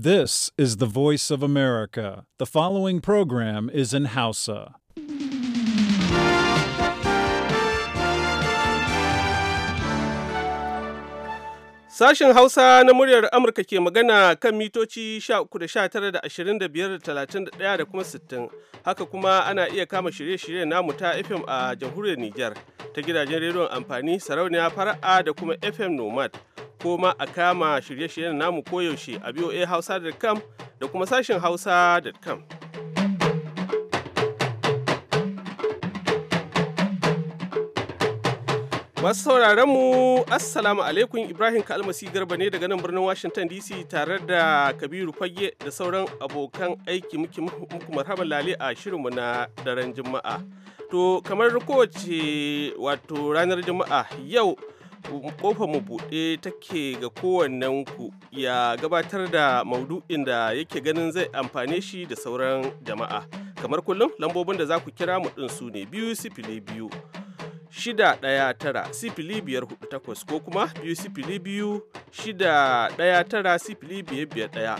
This is the voice of America. The following program is in Hausa. Sashen Hausa na muryar Amurka ke magana kan mitoci 13 da 25 da da kuma 60. Haka kuma ana iya kama shirye-shirye namu ta FM a jamhuriyar Nijar ta gidajen rediyon amfani sarauniya fara'a da kuma FM Nomad. ko ma a kama shirye-shiryen namu koyaushe a voa hausa.com da kuma sashin hausa.com. Masu sauraron mu Assalamu alaikum Ibrahim Kalmasi Garba ne daga nan birnin Washington DC tare da Kabiru Fage da sauran abokan aiki muke muku marhaban lale a shirinmu na daren Juma'a. To kamar kowace wato ranar Juma'a yau kofar mu buɗe take ga kowannen ku ya gabatar da maudu'in da yake ganin zai amfane shi da sauran jama'a kamar kullum lambobin da za ku kira mu ɗin su ne biyu sifili biyu shida ɗaya tara sifili biyar hudu takwas ko kuma biyu sifili biyu shida ɗaya tara sifili biyar biyar ɗaya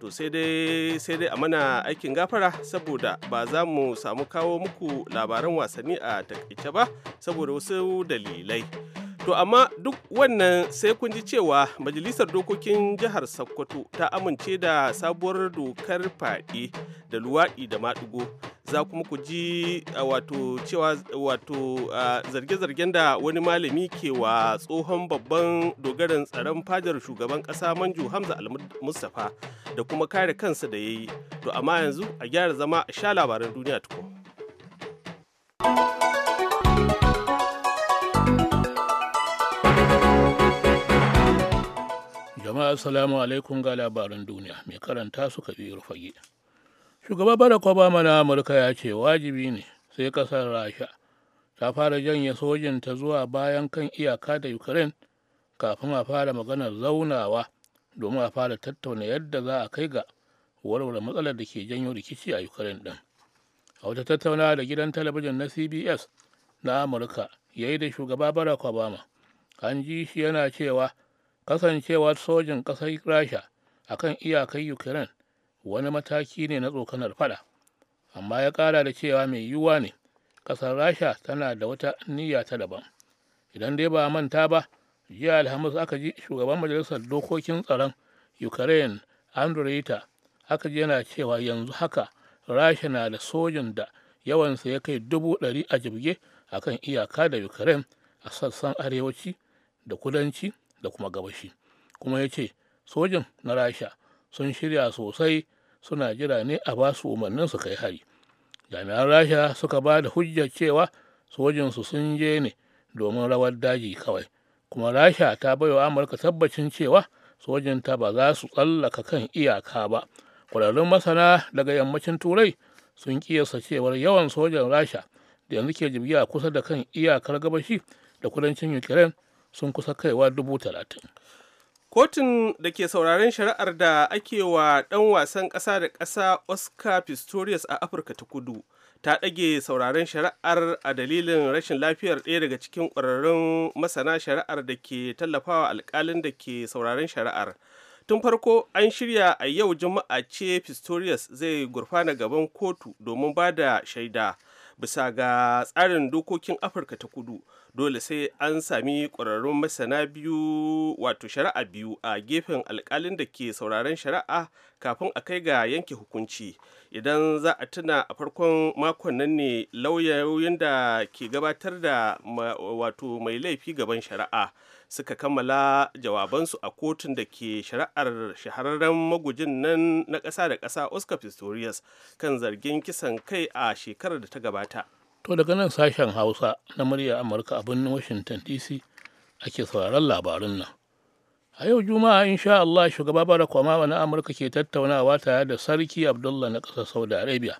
to sai dai sai dai a mana aikin gafara saboda ba za mu samu kawo muku labaran wasanni a takaice ba saboda wasu dalilai To amma duk wannan sai kun ji cewa Majalisar Dokokin Jihar Sokoto ta amince da sabuwar dokar faɗi da luwaɗi da maɗigo. Za kuma ku ji wato cewa wato zarge-zargen da wani malami ke wa tsohon babban dogaran tsaron fadar shugaban ƙasa manjo Hamza Al-Mustapha da kuma kare kansa da ya yi. To amma yanzu a gyara zama a sha labaran duniya tukun. assalamu alaikum ga labaran duniya mai karanta su kabiru fage shugaba barack obama na amurka ya ce wajibi ne sai kasar rasha ta fara janye ta zuwa bayan kan iyaka da ukraine kafin a fara maganar zaunawa domin a fara tattauna yadda za a kai ga warware matsalar da ke janyo rikici a ukraine din a wata tattaunawa da gidan talabijin na cbs na amurka ya yi da shugaba barack obama an ji shi yana cewa kasancewar sojin ƙasar rasha a kan iyakar ukraine wani mataki ne na tsokanar fada amma ya ƙara da cewa mai yiwuwa ne ƙasar rasha tana da wata niyya ta daban idan dai ba manta ba jiya alhamis aka ji shugaban majalisar dokokin tsaron ukraine andreita aka ji yana cewa yanzu haka rasha na da sojin da yawansa ya kai dubu ɗari a jibge a kan iyaka da ukraine a sassan arewaci da kudanci da kuma gabashi kuma ya ce sojin na rasha sun shirya sosai suna jira ne a ba su umarnin su kai hari jami'an rasha suka ba da hujjar cewa sojinsu sun je ne domin rawar daji kawai kuma rasha ta baiwa amurka tabbacin cewa sojinta ba za su tsallaka kan iyaka ba kwararrun masana daga yammacin turai sun kiyasta cewar yawan sojan rasha da yanzu ke jirgi a kusa da kan iyakar gabashi da kudancin ukraine sun kusa kaiwa dubu talatin kotun da ke sauraron shari'ar da ake wa ɗan wasan ƙasa da ƙasa oscar pistorius a afirka ta kudu ta ɗage sauraron shari'ar a dalilin rashin lafiyar ɗaya daga cikin ƙwararrun masana shari'ar da ke tallafawa alƙalin da ke sauraron shari'ar tun farko an shirya a yau juma'a ce pistorius zai gurfana gaban kotu domin ba da shaida bisa ga tsarin dokokin afirka ta kudu dole sai an sami ƙwararrun masana biyu wato shari'a biyu a gefen alkalin da ke sauraron shari'a kafin a kai ga yanke hukunci idan za a tuna a farkon makon nan ne lauyoyin da ke gabatar da wato mai laifi gaban shari'a suka kammala jawabansu a kotun da ke shari'ar shahararren magujin nan na ƙasa da ƙasa oscar pistorius kan zargin kisan kai a shekarar da ta gabata to daga nan sashen hausa na murya amurka a birnin washington dc ake sauraron labarun nan a yau juma'a insha allah shugaba barack obama na amurka ke tattaunawa tare da sarki abdullah na ƙasar saudi arabia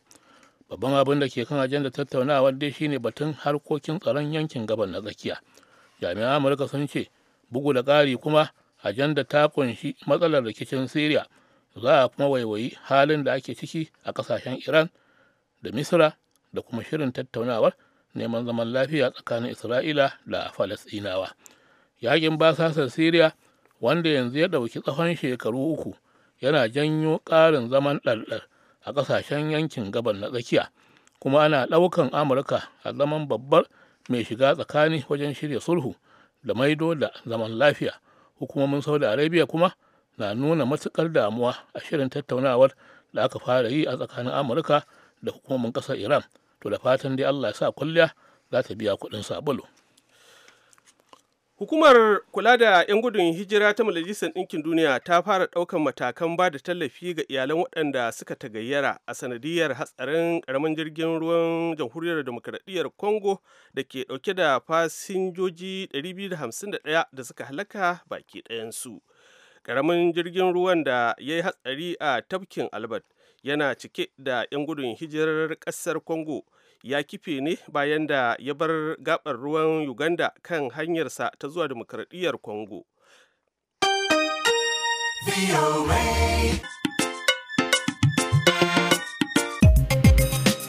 babban abin da ke kan da tattaunawa dai shine batun harkokin tsaron yankin gabar na tsakiya jami'an amurka sun ce bugu da ƙari kuma ajanda ta kunshi matsalar rikicin siriya za a kuma waiwayi halin da ake ciki a ƙasashen iran da misra da kuma shirin tattaunawar neman zaman lafiya tsakanin isra'ila da falasɗinawa yakin basasar siriya wanda yanzu ya ɗauki tsawon shekaru uku yana janyo ƙarin zaman ɗarɗar a ƙasashen yankin gabar na tsakiya kuma ana ɗaukan amurka a zaman babbar mai shiga tsakani wajen shirya sulhu da maido da zaman lafiya hukumomin saudi arabia kuma na nuna matukar damuwa a shirin tattaunawar da aka fara yi a tsakanin amurka da hukumomin ƙasar iran to da fatan dai allah ya sa kwalliya za ta biya kuɗin sabulu Hukumar kula da 'yan gudun hijira ta Majalisar Ɗinkin Duniya ta fara ɗaukar matakan ba da tallafi ga iyalan waɗanda suka tagayyara a sanadiyar hatsarin ƙaramin jirgin ruwan jamhuriyar demokradiyyar Congo da ke ɗauke da fasinjoji 251 da suka halaka baki ɗayansu. Ƙaramin jirgin ruwan da ya yi hatsari a tafkin Albert yana cike da 'yan gudun hijirar ƙasar Congo ya kife ne bayan da ya bar gabar ruwan uganda kan hanyarsa ta zuwa demokradiyyar congo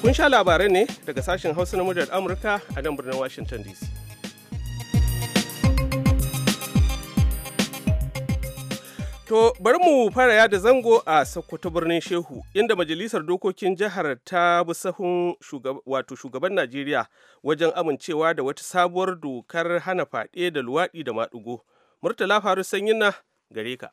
kun sha labarai ne daga sashen hausa na muryar amurka a nan birnin washington dc To bari mu fara yada zango a Sokoto birnin Shehu inda majalisar dokokin jihar ta bi sahun wato shugaban Najeriya wajen amincewa da wata sabuwar dokar hana faɗe da luwaɗi da maɗugo. Murtala faru sanyin na gare ka.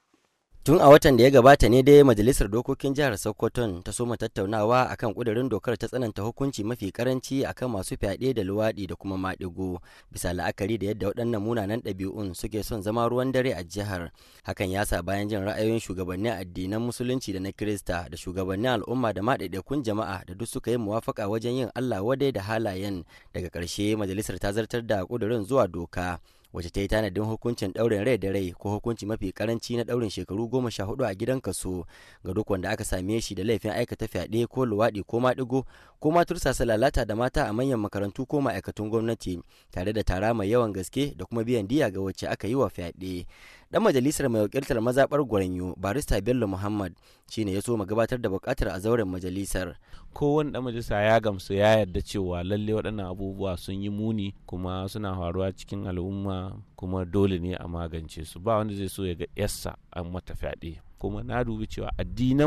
tun a watan da ya gabata ne dai majalisar dokokin jihar sokoton ta soma tattaunawa akan kudirin dokar ta tsananta hukunci mafi karanci akan masu fyaɗe da luwaɗi da kuma maɗigo bisa la'akari da yadda waɗannan munanan ɗabi'un suke son zama ruwan dare a jihar hakan ya sa bayan jin ra'ayoyin shugabannin addinan musulunci da na kirista da shugabannin al'umma da maɗaɗɗakun jama'a da duk suka yi muwafaka wajen yin allah wadai da halayen daga ƙarshe majalisar ta zartar da kudirin zuwa doka wacce ta yi tanadin hukuncin ɗaurin rai da rai ko hukunci mafi karanci na ɗaurin shekaru goma sha hudu a gidan kaso ga duk wanda aka same shi da laifin aikata fyaɗe ko luwaɗi ko maɗigo ko ma tursasa lalata da mata a manyan makarantu ko ma'aikatun gwamnati tare da tara mai yawan gaske da kuma biyan diya ga wacce aka yi wa fyaɗe dan majalisar mai wakiltar mazabar gwaranyo barista bello muhammad shine ya so mu gabatar da bukatar a zauren majalisar kowane dan majalisa ya gamsu ya yarda cewa lalle waɗannan abubuwa sun yi muni kuma suna faruwa cikin al'umma kuma dole ne a magance su ba wanda zai so ya ga yassa an mata fyaɗe kuma na dubi cewa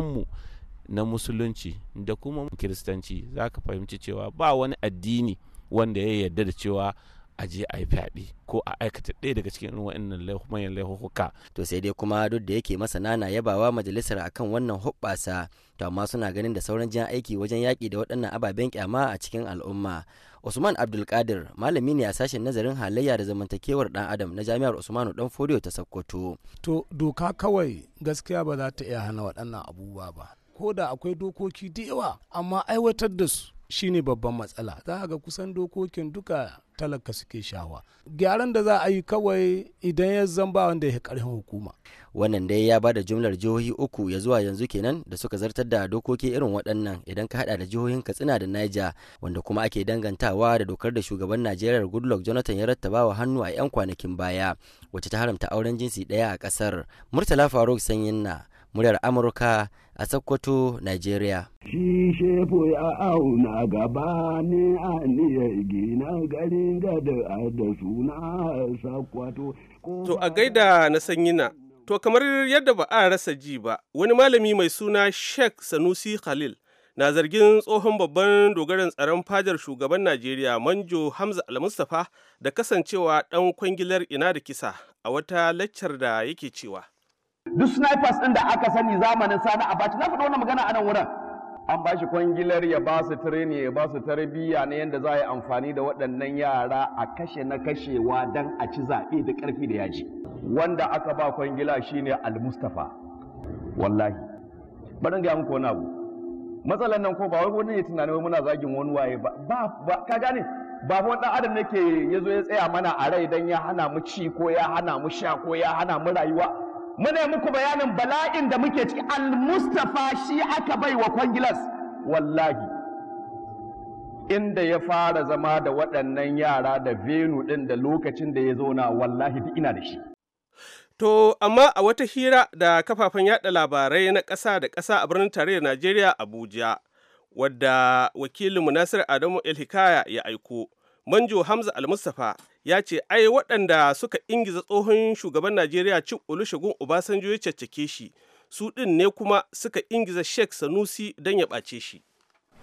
mu na musulunci da kuma kiristanci za ka fahimci cewa ba wani addini wanda ya yarda da cewa a je a yi fyaɗe ko a aikata ɗaya daga cikin irin wa'annan manyan laifuka. To sai dai kuma duk da yake masana na yabawa majalisar akan wannan hoɓɓasa to amma suna ganin da sauran jan aiki wajen yaƙi da waɗannan ababen kyama a cikin al'umma. Usman Abdulkadir malami ne a sashen nazarin halayya da zamantakewar ɗan adam na jami'ar Usmanu ɗan Fodiyo ta Sokoto. To doka kawai gaskiya ba za ta iya hana waɗannan abubuwa ba. Ko da akwai dokoki da yawa amma aiwatar da su shine babban matsala za ga kusan dokokin duka talaka suke shawa gyaran da za a yi kawai idan ya zamba wanda ya karfin hukuma wannan dai ya bada jumlar jihohi uku ya zuwa yanzu kenan da suka zartar da dokoki irin waɗannan idan ka hada da jihohin katsina da niger wanda kuma ake dangantawa da dokar da shugaban najeriya goodluck jonathan ya rattaba wa hannu a 'yan kwanakin baya wacce ta haramta auren jinsi daya a kasar murtala faruk sanyin na muryar amurka a Sokoto, Nigeria. Shi shefo ya auna gaba ne a niya gina garin da suna Sokoto. To a gaida na sanyina, to kamar yadda ba a rasa ji ba, wani malami mai suna Sheikh Sanusi Khalil. na zargin tsohon babban dogaren tsaron fadar shugaban najeriya manjo hamza al almustapha da kasancewa ɗan kwangilar ina da kisa a wata laccar da yake cewa duk snipers ɗin da aka sani zamanin sani baci na faɗi wannan magana a nan wurin an bashi shi kwangilar ya ba su tireni ya ba su tarbiyya na yadda za a yi amfani da waɗannan yara a kashe na kashewa don a ci zaɓe da ƙarfi da yaji wanda aka ba kwangila shine al wallahi bari gaya muku wani abu matsalan nan ko ba wai wani ya tunanin wai muna zagin wani waye ba ba ka gane ba wani dan adam nake yazo ya tsaya mana a rai dan ya hana mu ci ko ya hana mu sha ko ya hana mu rayuwa muna muku bayanin bala'in da muke ciki al-mustafa shi aka bai wa kwangilas wallahi inda ya fara zama da waɗannan yara da venu ɗin da lokacin da ya zauna wallahi duk ina da shi To, amma a wata hira da kafafen yaɗa labarai na ƙasa da ƙasa a birnin tarayyar Najeriya Abuja, wadda wakilin Munasir Adamu Elhikaya ya aiko, manjo hamza almustapha ya ce ai waɗanda suka ingiza tsohon shugaban najeriya cin olushegun obasanjo ya caccake shi su ɗin ne kuma suka ingiza sheikh sanusi don ya ɓace shi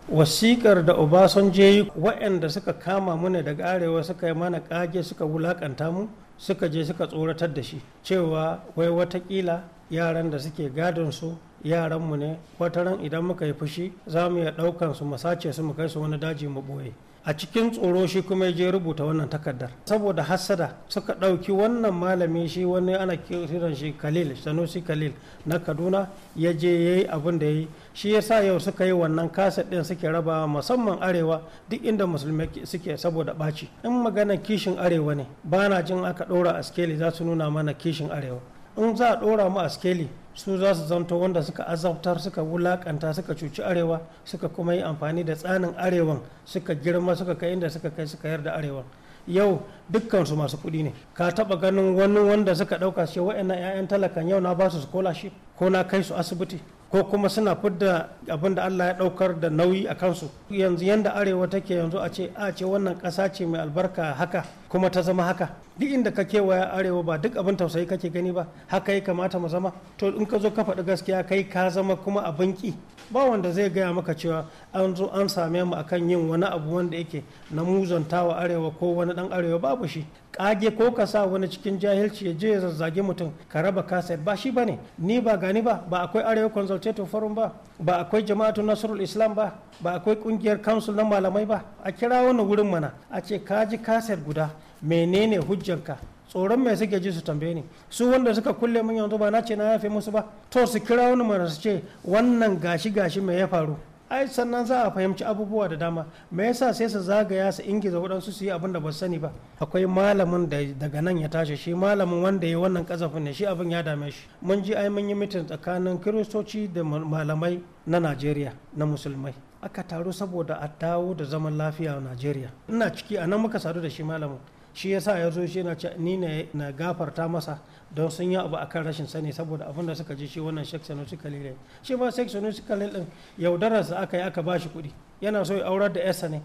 wasikar da obasanjo yi waɗanda suka kama mune daga arewa suka yi mana ƙage suka wulaƙanta mu suka je suka tsoratar da shi cewa wai watakila yaran da suke gadon su yaranmu ne wata ran idan muka yi fushi za mu iya ɗaukan su mu sace su mu kai su wani daji mu ɓoye a cikin tsoro shi kuma je rubuta wannan takardar saboda hassada suka ɗauki wannan malami shi wani ana kiran shi khalil sanusi khalil na kaduna ya je ya yi abin da ya yi shi ya sa yau suka yi wannan kaset ɗin suke raba musamman arewa duk inda musulmai suke saboda ɓaci in magana kishin arewa ne ba na jin aka ɗora askeli skeli za su nuna mana kishin arewa in za a ɗora mu askeli. su za su zanto wanda suka azabtar suka wulakanta suka cuci arewa suka kuma yi amfani da tsanin arewan suka girma suka kai inda suka kai suka da arewa. yau dukkansu masu kuɗi ne ka taɓa ganin wani wanda suka ɗauka shi wa'annan 'ya'yan talakan yau na ba su shi ko na kai su asibiti ko kuma suna fidda abin da Allah ya ɗaukar da nauyi a kansu yanzu yanda arewa take yanzu a ce a ce wannan kasa ce mai albarka haka kuma ta zama haka duk inda ka kewaya arewa ba duk abin tausayi kake gani ba haka ya kamata mu zama to in ka zo ka faɗi gaskiya kai ka zama kuma abin ki ba wanda zai gaya maka cewa an zo an same mu akan yin wani abu wanda yake na muzantawa arewa ko wani dan arewa babu shi kage ko ka sa wani cikin jahilci ya je ya zazzage mutum ka raba kaset ba shi bane ni ba gani ba ba akwai arewa consultative forum ba ba akwai jama'atu nasrul islam ba ba akwai kungiyar council na malamai ba a kira wani wurin mana a ce kaji kaset guda menene hujjanka tsoron mai suke ji su tambaye ni su wanda suka kulle mun yanzu ba na ce na yafe musu ba to su kira wani mara su ce wannan gashi gashi mai ya faru ai sannan za a fahimci abubuwa da dama me yasa sai su zagaya su ingiza waɗansu su yi abin da ba su sani ba akwai malamin da daga nan ya tashi shi malamin wanda ya wannan kazafin ne shi abin ya dame shi mun ji ai mun yi mitin tsakanin kiristoci da malamai na najeriya na musulmai aka taru saboda a dawo da zaman lafiya a najeriya ina ciki a nan muka sadu da shi malamin shi yasa ya zo shi ni ne na gafarta masa don sun yi abu akan rashin sani saboda abin da suka ji shi wannan shek sanusi kalil shi ma shek sanusi kalil din yaudararsa aka yi aka ba shi kuɗi yana so ya aurar da yarsa ne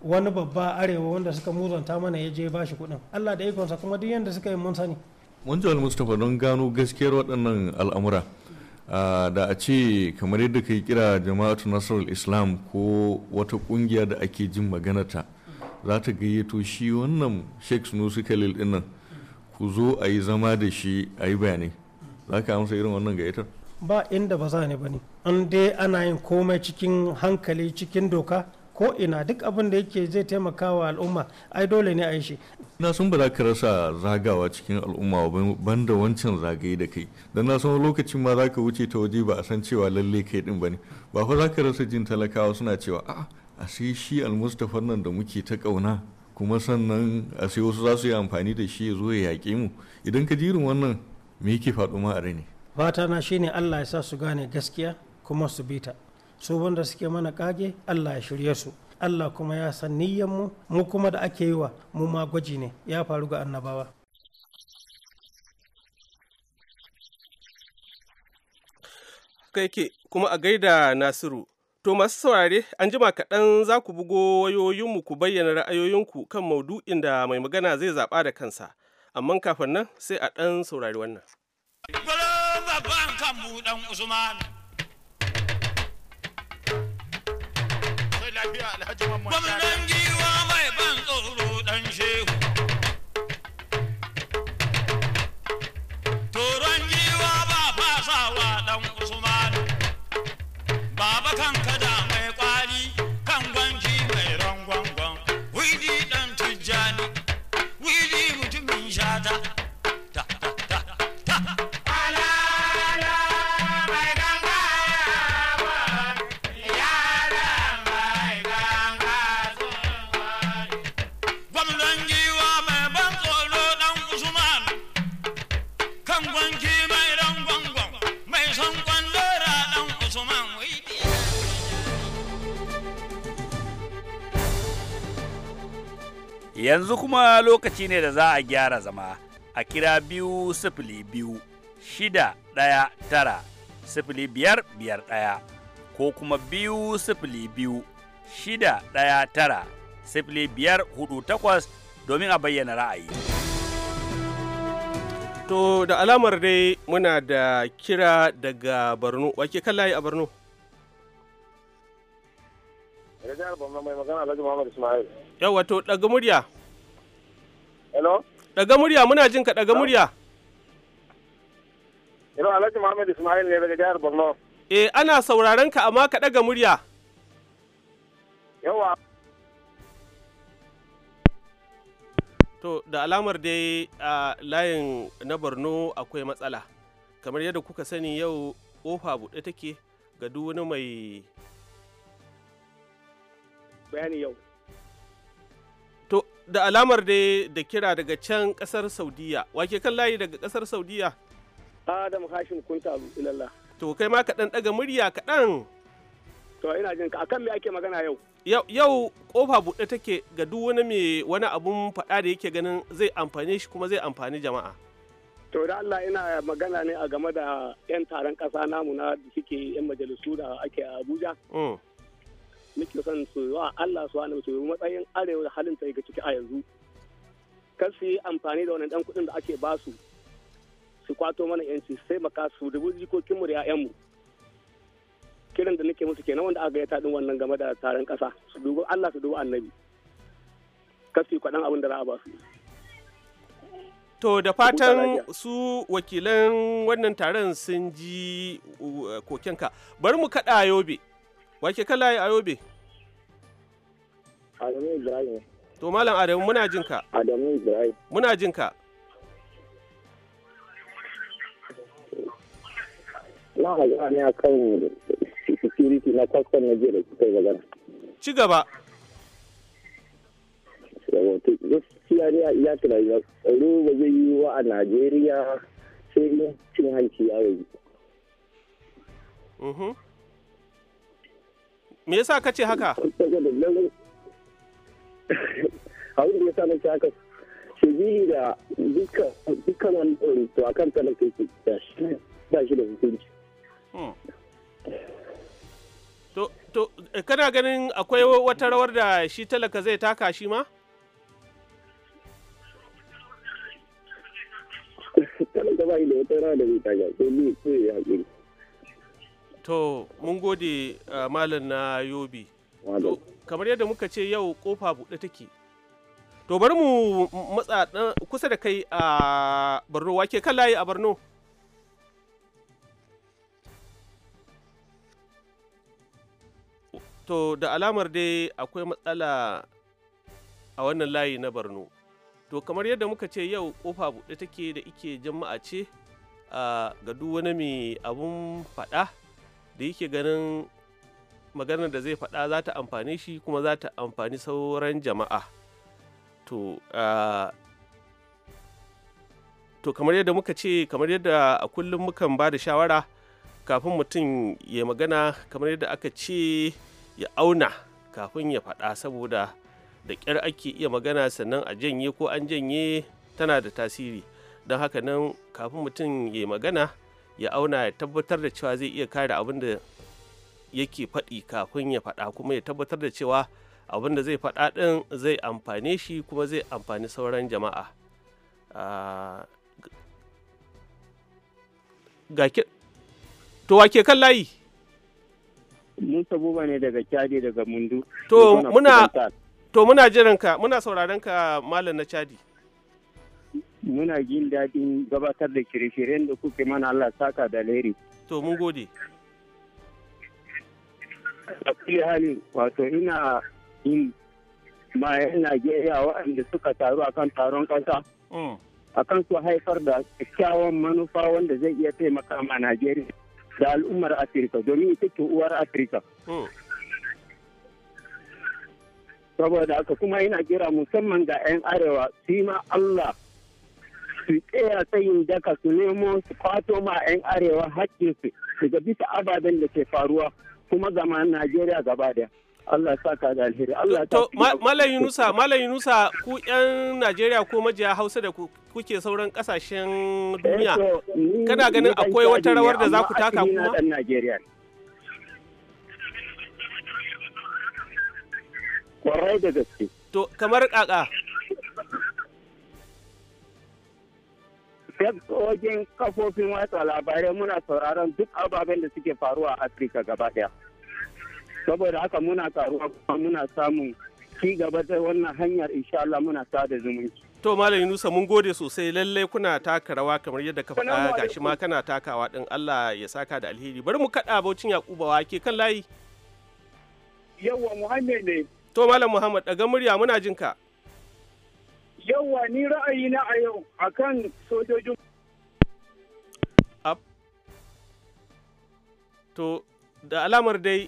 wani babba arewa wanda suka muzanta mana ya je ba shi kuɗin allah da ikonsa kuma duk yadda suka yi mun sani mun ji mustapha don gano gaskiyar waɗannan al'amura da a ce kamar yadda ka yi kira jama'atu nasarar islam ko wata ƙungiya da ake jin maganata za ta gayyato shi wannan sheikh sunusi khalil din nan ku zo a yi zama da shi a yi bayanai za ka amsa irin wannan gayyatar ba inda ba za ne ba ne an dai ana yin komai cikin hankali cikin doka ko ina duk abin da yake zai taimaka wa al'umma ai dole ne a yi shi na sun ba za ka rasa zagawa cikin al'umma ban da wancan zagaye da kai don na san lokacin ma za ka wuce ta waje ba a san cewa lalle kai din ba ne ba fa za ka rasa jin talakawa suna cewa a'a a sai shi almustafa nan da muke ta kauna kuma sannan a sai wasu za su yi amfani da shi ya zo ya yaƙe mu idan ka jirin wannan me yake faɗo ma a ne fata na shine Allah ya sa su gane gaskiya kuma su bi ta su wanda suke mana kage Allah ya shirye su Allah kuma ya san niyyar mu mu kuma da ake yi wa mu ma gwaji ne ya faru ga annabawa kai ke kuma a gaida nasiru To masu saurare, an jima kaɗan za ku bugo wayoyinmu ku bayyana ra'ayoyinku kan maudu'in da mai magana zai zaɓa da kansa. Amma kafin nan sai a ɗan saurari wannan. Gwamnan giwa yanzu kuma lokaci ne da za a gyara zama a kira biyu sifili biyu shida ɗaya tara sifili biyar biyar ɗaya ko kuma biyu sifili biyu shida ɗaya tara sifili biyar hudu takwas domin a bayyana ra'ayi. To da alamar dai muna da kira daga Borno, wake kan layi a Borno? Rajar Borno mai magana Alhaji Muhammad Ismail. Yawwa to daga murya. Hello? Daga murya muna jin ka daga murya. Hello Alhaji Muhammad Ismail ne daga jihar Borno. Eh ana sauraron ka amma ka daga murya. Yawa. To da alamar dai a layin na Borno akwai matsala. Kamar yadda kuka sani yau kofa buɗe take ga duk wani mai bayani yau. da alamar dai da kira daga can kasar saudiya wake kan layi daga kasar saudiya adam hashim kunta abu ilallah to kai ma kaɗan ɗaga murya kaɗan to ina jin ka akan me ake magana yau yau kofa buɗe take ga duk wani mai wani abun faɗa da yake ganin zai amfane shi kuma zai amfani jama'a to da Allah ina magana ne a game da 'yan taron ƙasa namu na da suke 'yan majalisu da ake a Abuja. Mm. muke son su yi wa Allah su wani mutum matsayin arewa da halin ta ga ciki a yanzu kar su yi amfani da wani dan kuɗin da ake ba su su kwato mana yanci sai maka su dubu jikokinmu da 'ya'yanmu kiran da nake musu kenan wanda aka gayyata ɗin wannan game da taron ƙasa su dubi Allah su dubi annabi kar su yi kwaɗan abin da za a ba su To da fatan su wakilan wannan taron sun ji uh, kokenka. Bari mu kaɗa yobe. Wake kalaye a ayobe? Adamu Ibrahim. To Malam Adamu muna jin ka. Adamu Ibrahim. Muna jin ka. Na magana ne akan security na kwakwan na jiya da kuka magana. Ci gaba. Gaskiya ne ya kira ya tsaro ba zai yi wa a Najeriya sai cin hanci ya yi. me yasa ka ce haka abin da ya sami ce haka biyu da dukkan wani to a kan talaka yake ba shi da hukunci hmm. to to eh, kana ganin akwai wata rawar da shi talaka zai taka shi ma talaka ba shi da wata rawar da zai taka sai ne ya hakuri to mun gode uh, malam na Yobi, to kamar yadda muka ce yau kofa buɗe take to bari mu matsa kusa da kai a borno wake kan layi a borno to da alamar dai akwai matsala a wannan layi na borno to kamar yadda muka ce yau kofa buɗe take da ike jama'a ce uh, ga duk wani mai abun faɗa da yake ganin maganar da zai faɗa za ta amfani shi kuma za ta amfani sauran jama'a to to kamar yadda muka ce kamar yadda a kullum mukan ba da shawara kafin mutum ya magana kamar yadda aka ce ya auna kafin ya faɗa saboda da ƙyar ake iya magana sannan a janye ko an janye tana da tasiri don haka nan kafin mutum ya magana ya auna ya tabbatar da cewa zai iya kare abin da yake faɗi kafin ya faɗa kuma ya tabbatar da cewa abin da zai faɗa ɗin zai amfane shi kuma zai amfani sauran jama'a ah, to to wake kan layi Musa ne daga Chadi daga Mundu. To muna to muna jiranka muna sauraron ka malam na Chadi. muna jin daɗin gabatar da shirye-shiryen da kuke mana Allah saka da leri. To mun gode. A hali wato ina yin bayan Najeriya waɗanda suka taru akan taron ƙasa. Mm. Akan su haifar da kyakkyawan manufa wanda zai iya taimaka ma Najeriya da al'ummar Afirka domin ita ce uwar Afirka. Mm. Saboda haka kuma ina kira musamman ga 'yan arewa su Allah su tsaya tsayin daka su nemo su kwato ma 'yan arewa haƙƙinsu daga bisa ababen da ke faruwa kuma zama najeriya gaba daya Allah sa ka da alheri. Allah to Malam Yunusa, Malam Yunusa ku ƴan Najeriya ko majiya Hausa da kuke sauran kasashen duniya. Eh, kana ganin akwai wata rawar da za ku taka kuma? Kwarai da gaske. To kamar kaka. wajen kafofin watsa labarai muna sauraron duk ababen da suke faruwa a afirka gaba daya saboda haka muna karuwa kuma muna samun ci gaba da wannan hanyar insha muna sada zumunci to malam yunusa mun gode sosai lallai kuna taka rawa kamar yadda ka faɗa gashi ma kana takawa din Allah ya saka da alheri bari mu kaɗa baucin yakuba ke kan layi yawwa muhammed ne to malam muhammad daga murya muna jinka. Yawwa ni ra'ayi na a yau akan sojojin. To, da alamar dai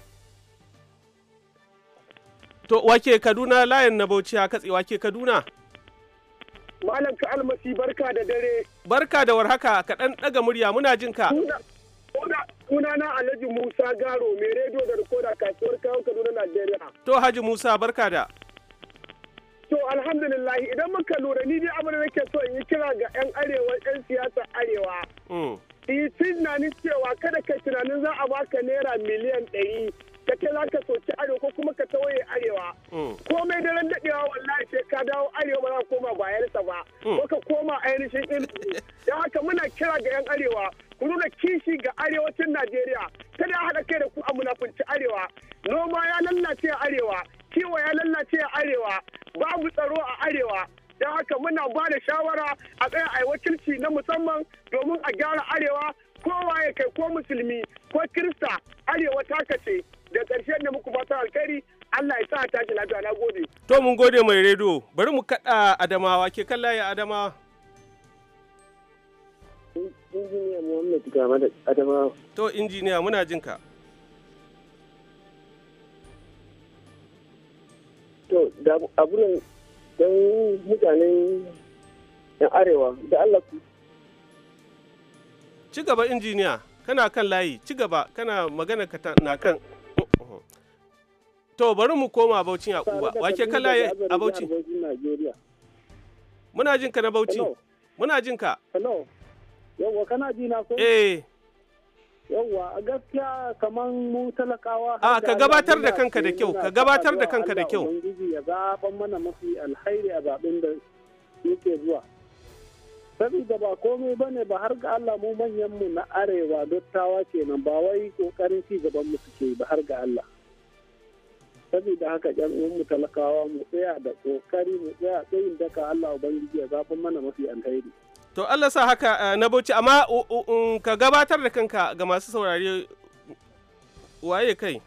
To wake Kaduna layin na Bauchi a katse wake Kaduna. Malam ka almasi barka da dare. Barka da warhaka ka dan ɗaga murya muna jin ka. Kuna na Alhaji Musa Garo mai rediyo da rikoda kasuwar kawo Kaduna Najeriya. To Haji Musa barka da. To alhamdulillah idan muka lura ni dai abin da nake so in yi kira ga 'yan arewa 'yan siyasa arewa. Mm. Yi tunanin cewa kada ka tunanin za a baka naira miliyan ɗari ka ce za ka soci arewa ko kuma ka tawaye arewa. Mm. Komai da ran daɗewa wallahi sai ka dawo arewa ba za ka koma bayarsa ba. Mm. Ko ka koma ainihin ilimi. Da haka muna kira ga 'yan arewa ku nuna kishi ga arewacin Najeriya. Kada a haɗa kai da ku a munafunci arewa. Noma ya lallace arewa. kiwo ya lallace a arewa babu tsaro a arewa don haka muna ba da shawara a tsaya a wakilci na musamman domin a gyara arewa kowa ya kai ko musulmi ko kirista arewa ta kace da ƙarshen da muku fata alkhairi Allah ya sa ji lafiya na gode. To mun gode mai rediyo bari mu kaɗa Adamawa ke kan kallaye Adamawa. Injiniya Muhammad Adamawa. To injiniya muna jinka. to da abunan don mutanen yan arewa da allah ku ci gaba injiniya kana kan layi ci gaba kana magana ka na kan to bari mu koma baucin yakuba wake kan layi a bauchi muna jin ka na bauchi muna jin ka yawwa kana ji na ko eh yawwa a gaskiya kamar mu talakawa ah, a ka gabatar da kanka da kyau ka gabatar da kanka da kyau ya zaɓan mana mafi alhairi a zaɓen da yake zuwa saboda ba komai ba ne ba har ga Allah mu manyan mu na arewa dottawa kenan ba wai kokarin ci gaban mu suke ba har ga Allah saboda haka ƴan uwan mu talakawa mu tsaya da kokari mu tsaya tsayin daka Allah ubangiji ya zaɓan mana mafi alhairi to Allah sa haka eh, na bauchi amma ka gabatar da kanka ga masu saurare waye kai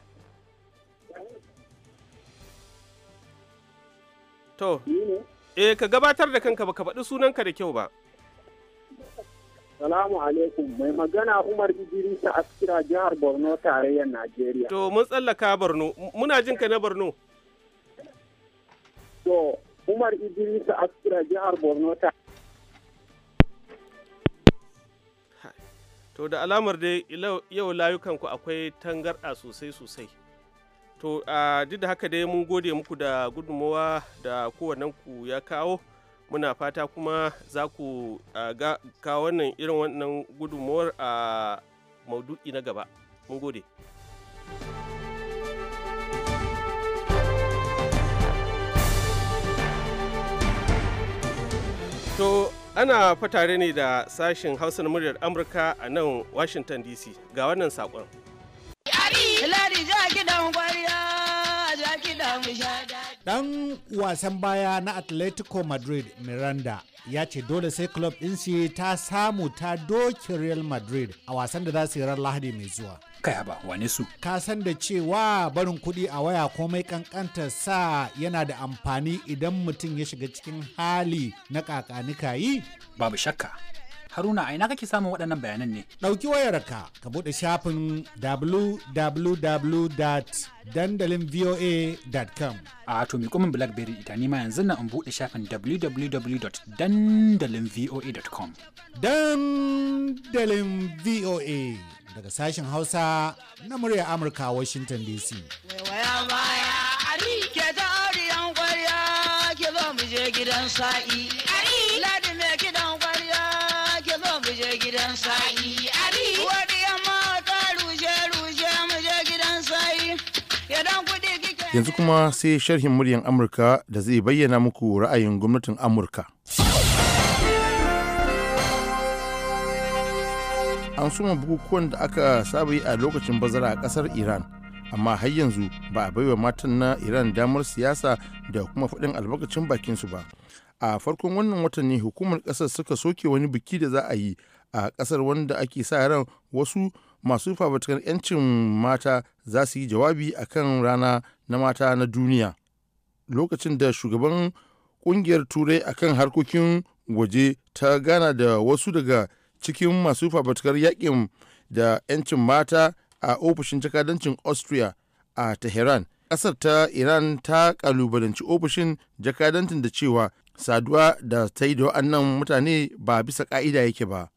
to eh ka gabatar da kanka baka faɗi sunanka da kyau ba Salamu alaikum mai magana Umar Idris a Askira jihar Borno tarayyar Najeriya. To mun tsallaka Borno muna jin ka na Borno. To Umar Idris a Askira jihar Borno ta. to da alamar dai yau layukanku akwai tangarɗa sosai sosai to a duk da haka dai mun gode muku da gudunmawa da kowannenku ya kawo muna fata kuma za ku kawo wannan irin wannan gudunmawar a maudu'i na gaba mun gode to ana fatare ne da sashen hausa na muryar amurka a nan washington dc ga wannan sakon dan wasan baya na atletico madrid miranda ya ce dole sai club din shi ta samu ta doki Real Madrid a wasan da za su yi ran Lahadi mai zuwa. Kaya ba wani su? Ka san da cewa barin kuɗi a waya komai kankanta sa yana da amfani idan mutum ya shiga cikin hali na kakanika yi? Babu shakka. Haruna a ina kake samun waɗannan bayanan ne? Ɗauki wayarka ka buɗe shafin www.dandalinvoa.com. A to mi kuma Blackberry ita nima yanzu na in buɗe shafin www.dandalinvoa.com. Dandalin VOA daga sashen Hausa na murya Amurka Washington DC. baya a ta ariyan ki zo mu je gidan sa'i. Yanzu kuma sai sharhin muryan Amurka da zai bayyana muku ra'ayin gwamnatin Amurka. An suma bukukuwan da aka saba yi a lokacin bazara a kasar Iran, amma har yanzu ba a baiwa matan na Iran damar siyasa da kuma faɗin albarkacin su ba. A farkon wannan watan ne hukumar kasar suka soke wani biki da za a yi a kasar wanda ake sa ran wasu masu fafutukar 'yancin mata za su yi jawabi akan rana na mata na duniya lokacin da shugaban kungiyar turai akan harkokin waje ta gana da wasu daga cikin masu fafatakar yakin da 'yancin mata a ofishin jakadancin austria a tehran ƙasar ta iran ta kalubalanci ofishin jakadancin da cewa saduwa da ta yi da wa'annan mutane ba bisa ka'ida yake ba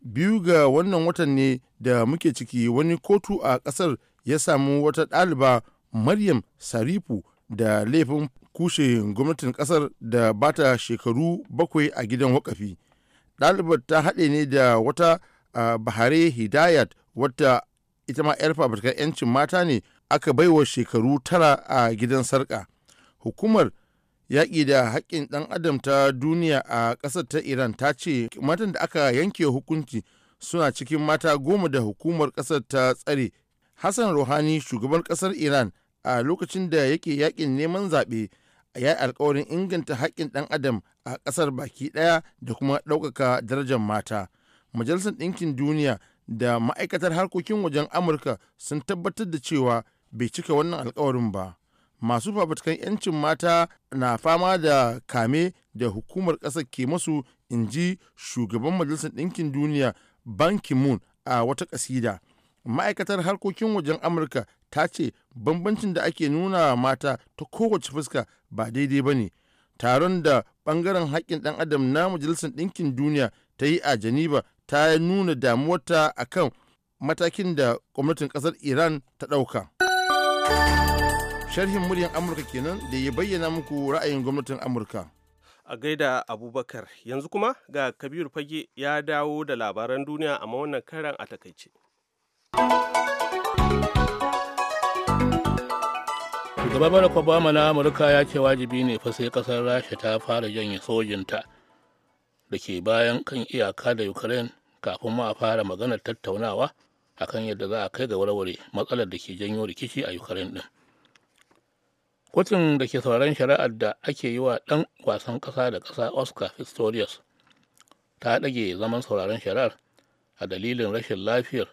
biyu ga wannan watan ne da muke ciki wani kotu a ƙasar ya samu wata ɗaliba maryam sarifu da laifin kushe gwamnatin kasar da bata shekaru bakwai a gidan wakafi ɗalibar ta haɗe ne da wata a bahare hidayat wata ita ma 'yar fafatakar 'yancin mata ne aka baiwa shekaru tara a gidan sarka hukumar yaƙi da haƙƙin ɗan adam ta duniya a ƙasar ta iran ta ce matan da aka yanke hukunci suna cikin mata goma da hukumar ƙasar ta tsare hassan rouhani shugaban kasar iran a lokacin da yake yakin neman zaɓe ya yi alkawarin inganta haƙƙin ɗan adam a ƙasar baki ɗaya da kuma ɗaukaka darajar mata majalisar ɗinkin duniya da ma'aikatar harkokin wajen amurka sun tabbatar da cewa bai cika wannan alkawarin ba masu fafatakan 'yancin mata na fama da kame da hukumar ƙasar ke masu in ji shugaban majalisar ɗinkin duniya ban ki moon a wata ƙasida ma'aikatar harkokin wajen amurka ta ce bambancin da ake nuna mata ta kowace fuska ba daidai ba ne taron da bangaren haƙƙin ɗan adam na majalisar ɗinkin duniya ta yi a geneva ta nuna damuwarta kan matakin da gwamnatin ƙasar iran ta ɗauka sharhin muryar amurka kenan da ya bayyana muku ra'ayin gwamnatin amurka a gaida abubakar yanzu kuma ga kabiru fage ya dawo da labaran duniya amma wannan karan a takaice Shugabar Barack Obama na Amurka ya ce wajibi ne fa sai kasar Rasha ta fara janye sojinta da ke bayan kan iyaka da Ukraine kafin ma a fara maganar tattaunawa akan yadda za a kai ga warware matsalar da ke janyo rikici a Ukraine din. Kotun da ke sauran shari'ar da ake yi wa ɗan wasan ƙasa da ƙasa Oscar Pistorius ta ɗage zaman sauraron shari'ar a dalilin rashin lafiyar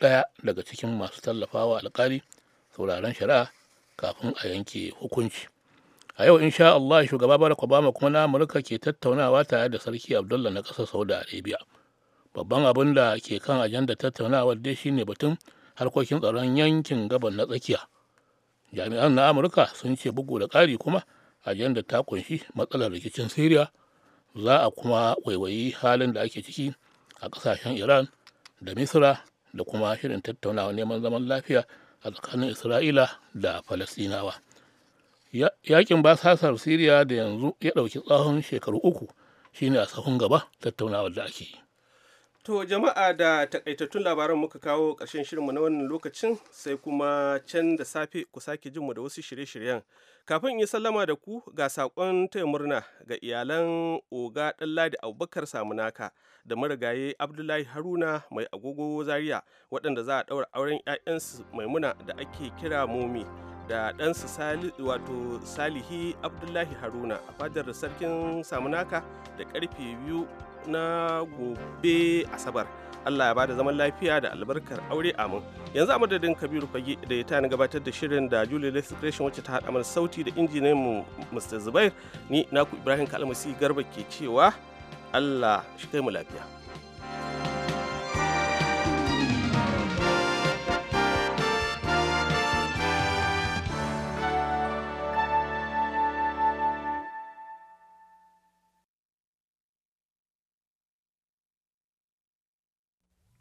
ɗaya daga cikin masu tallafawa alkali sauraron shari'a kafin a yanke hukunci a yau insha Allah shugaba Barack Obama kuma na Amurka ke tattaunawa tare da sarki Abdullah na ƙasar Saudi Arabia babban abin da ke kan ajanda tattaunawa dai shine batun harkokin tsaron yankin gaban na tsakiya jami'an na amurka sun ce bugu da ƙari kuma ajanda ta ƙunshi matsalar rikicin syria za a kuma waiwayi halin da ake ciki a ƙasashen iran da misra da kuma shirin tattaunawa neman zaman lafiya a tsakanin isra'ila da falasinawa yakin basasar siriya da yanzu ya ɗauki tsahon shekaru uku shine a sahun gaba tattaunawar da ake yi To jama'a da takaitattun labaran muka kawo ƙarshen shirinmu na wannan lokacin sai kuma can da safe ku sake jinmu da wasu shirye-shiryen. Kafin in yi sallama da ku ga saƙon taya murna ga iyalan Oga Ɗanladi Abubakar Samunaka da marigaye Abdullahi Haruna mai agogo Zaria waɗanda za a ɗaura auren 'ya'yansu Maimuna da ake kira Momi da ɗansu wato Salihi Abdullahi Haruna a fadar sarkin Samunaka da ƙarfe biyu na gobe asabar allah ya bada zaman lafiya da albarkar aure amin yanzu a madadin kabiru fage da ya ta ni gabatar da shirin da julie lestration wacce ta haɗa mana sauti da injiniyan mu mr zubair ni naku ibrahim kalmasi garba ke cewa allah shi kai mu lafiya